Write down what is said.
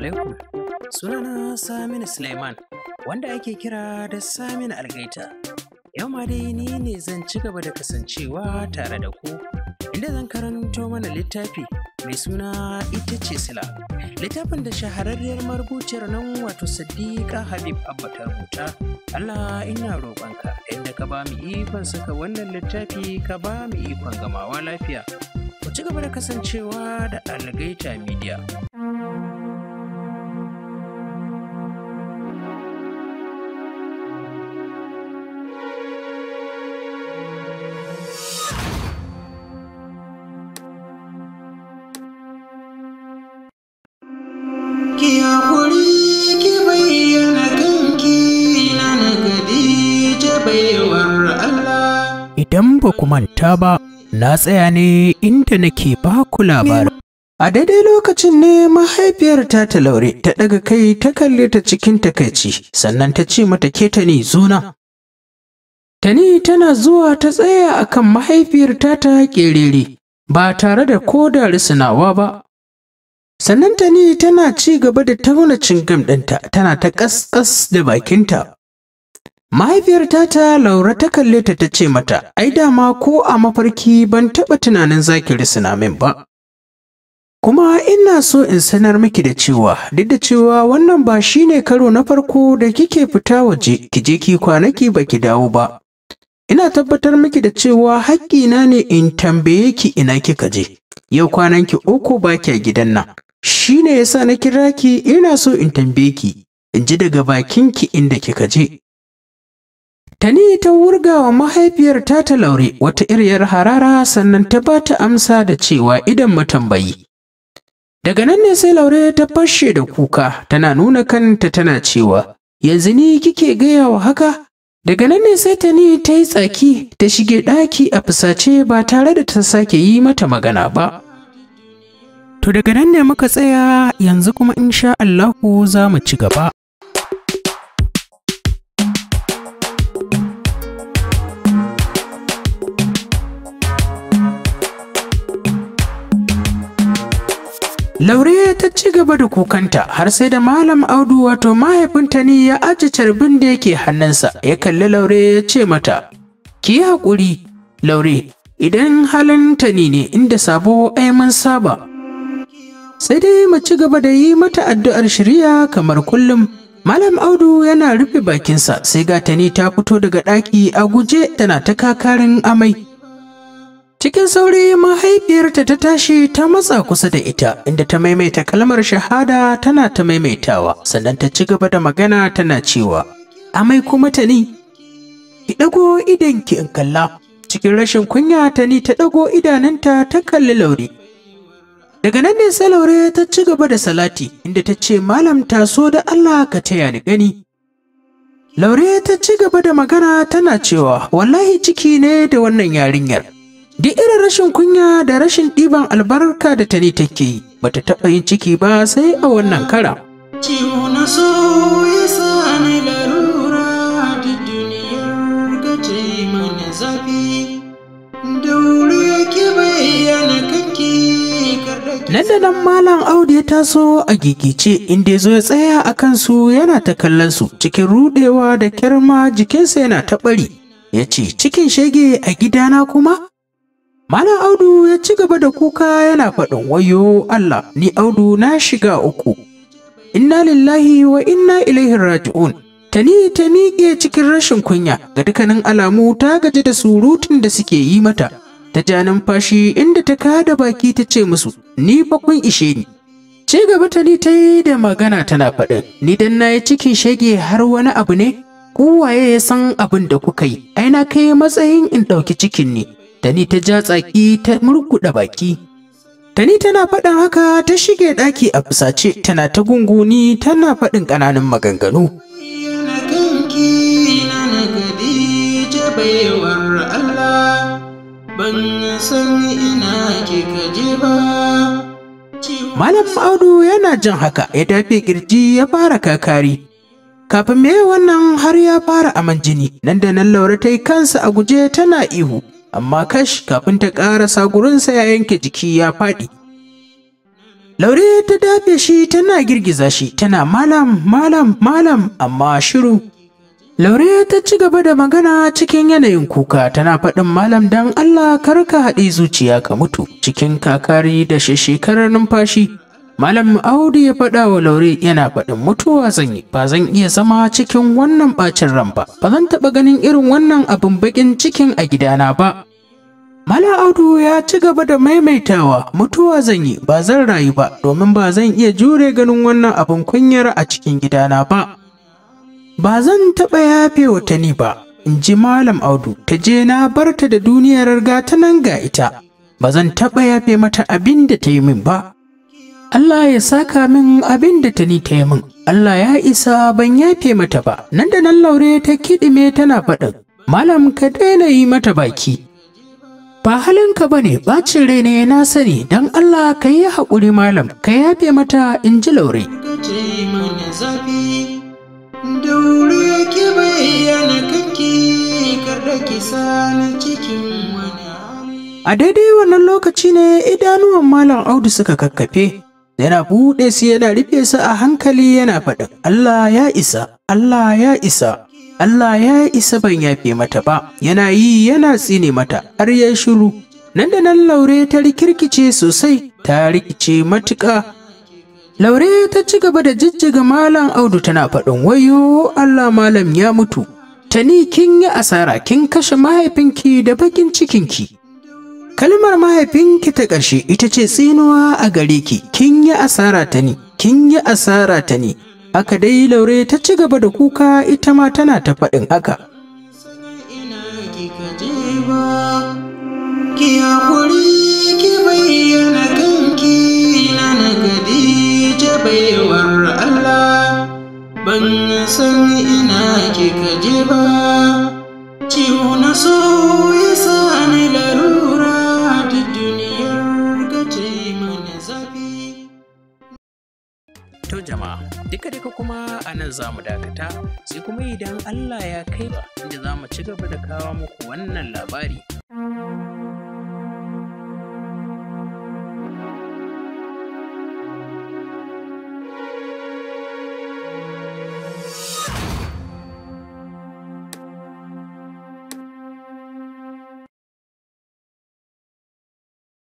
alaikum. Sunana Saminu suleiman wanda ake kira da Saminu Algaita. Yau ma dai ni ne zan ci gaba da kasancewa tare da ku, inda zan karanto mana littafi mai suna ita ce sila. Littafin da shahararriyar marubuciyar nan wato Sadiqa Habib Abba ta rubuta, Allah ina roƙonka inda ka ba mu ikon saka wannan littafi ka ba mu ikon gamawa lafiya. Ku ci gaba da kasancewa da Algaita Media. haƙuri ki bayyana kanki na baiwar Allah. Idan ba ku manta ba, na tsaya ne inda nake ba ku labarin. A daidai lokacin ne mahaifiyar ta laure, ta ɗaga kai ta kalli ta cikin takaici, sannan ta ce mata ke ne zuna. Tani tana zuwa ta tsaya akan mahaifiyar ta ta ƙerere, ba tare da ko da risinawa ba, sannan ta ne tana ci gaba da tauna gam ɗinta tana ta ƙasƙas da bakinta mahaifiyar ta laura ta kalle ta ta ce mata ai dama ko a mafarki ban taɓa tunanin zaki risina min ba kuma ina so in sanar miki da cewa duk da cewa wannan ba shi ne karo na farko da kike fita waje ki je ki kwanaki ba ki dawo ba ina tabbatar miki da cewa haƙƙina ne in tambaye ki ina kika je yau kwananki uku ba kya gidan nan Shi ne ya sa na kira ki ina so in tambaye ki, in ji daga bakin ki inda kika je. Tani ta wurga wa mahaifiyar ta ta laure wata iriyar harara sannan ta ba ta amsa da cewa idan matambayi. Daga nan ne sai laure ta fashe da kuka tana nuna kanta tana cewa yanzu ni kike gaya wa haka? Daga nan ne sai Tani ta yi tsaki ta shige ɗaki a fusace ba tare da ta sake yi mata magana ba. To daga nan ne muka tsaya yanzu kuma in insha Allahu za mu ci gaba. Laure ta ci gaba da kukanta har sai da Malam Audu wato mahaifinta ne ya ajiye carbin da yake hannunsa ya kalli Laure ya ce mata, Ki yi haƙuri, Laure, idan halin ta ne inda sabo ai mun saba. sai dai mu ci gaba da yi mata addu'ar shirya kamar kullum. Malam Audu yana rufe bakinsa sai gatani ta fito daga ɗaki a guje tana ta kakarin amai. Cikin sauri mahaifiyarta ta tashi ta matsa kusa da ita inda ta maimaita kalmar shahada tana ta maimaitawa sannan ta ci gaba da magana tana cewa amai kuma ta ni ki ɗago idanki in kalla cikin rashin kunya ta ni ta ɗago idanunta ta kalli lauri Daga nan ne Salaure ta ci gaba da salati inda ta ce malam taso da Allah ka taya ni gani. Laure ta ci gaba da magana tana cewa wallahi ciki ne da wannan yarinyar. Duk irin rashin kunya da rashin ɗiban albarka da ta tani take yi bata taɓa yin ciki ba sai a wannan kara. Ciwo na so da nan Malam Audu ya taso a gigice inda ya zo ya tsaya a kansu yana ta kallon su cikin rudewa da kyarma jikinsa yana ta bari. yace Cikin shege a gidana kuma? Malam Audu ya ci gaba da kuka yana faɗin wayo Allah, ni Audu na shiga uku. Inna lillahi wa inna ilaihi raji'un. Tani ta miƙe cikin rashin kunya ga dukkanin alamu ta gaji da surutun da suke yi mata. ta ja numfashi inda ta kada baki ta ce musu ni fa kun ishe ni ci gaba ta ni ta yi da magana tana faɗin ni dan na yi cikin shege har wani abu ne waye ya san abin da kuka yi ai na kai matsayin in ɗauki cikin ne ta ni ta ja tsaki ta murkuɗa baki Tani tana faɗin haka ta shige ɗaki a fusace tana ta gunguni tana faɗin ƙananan maganganu. Yana kanki ban san ina kika je ba. Malam Audu yana jin haka ya dafe kirji ya fara kakari. Kafin me wannan har ya fara aman jini, nan da nan Laura ta yi kansa a guje tana ihu, amma kash kafin ta ƙarasa gurinsa ya yanke jiki ya faɗi. Laure ta dafe shi tana girgiza shi tana malam malam malam amma shiru. Laure ta ci gaba da magana cikin yanayin kuka tana faɗin malam dan Allah karka haɗe zuciya ka mutu cikin kakari da shekarar numfashi. Malam Audu ya faɗa wa Laure yana faɗin mutuwa zan yi ba zan iya zama cikin wannan ɓacin ran ba ba zan taɓa ganin irin wannan abin baƙin cikin a gidana ba. Malam Audu ya ci gaba da maimaitawa mutuwa zan yi ba zan rayu ba domin ba zan iya jure ganin wannan abin kunyar a cikin gidana ba. ba zan taɓa yafe wa ni ba in ji malam audu ta je na barta da duniyar riga ta nan ga ita ba zan taɓa yafe mata abin da ta yi min ba Allah ya saka min abin da ta ni ta yi min Allah ya isa ban yafe mata ba nan da nan laure ta kiɗime tana faɗin malam ka daina yi mata baki ba halinka ba ne ɓacin rai ne na sani don Allah ka yi haƙuri malam ka yafe mata in ji laure. daure ki bayyana karda ki sani cikin wani a daidai wannan lokaci ne idanuwan malam audu suka kakkafe yana buɗe su yana rufe su a hankali yana faɗa Allah ya isa Allah ya isa Allah ya isa ban yafe mata ba yana yi yana tsine mata har ya shiru nan da nan laure ta rikirkice sosai ta rikice matuƙa Laure ta ci gaba da jijjiga Malam Audu tana faɗin wayo Allah Malam ya mutu. Tani kin yi asara kin kashe mahaifinki da bakin cikinki. Kalmar mahaifinki ta ƙarshe ita ce tsinuwa a gare ki, kin yi asara tani, kin yi asara tani. Aka dai Laure ta ci gaba da kuka ita ma tana ta faɗin haka. Ki ki bayyana To jama'a, duka-duka kuma a nan za mu dakata, sai kuma idan Allah ya kai ba, inda za mu ci gaba da kawo muku wannan labari.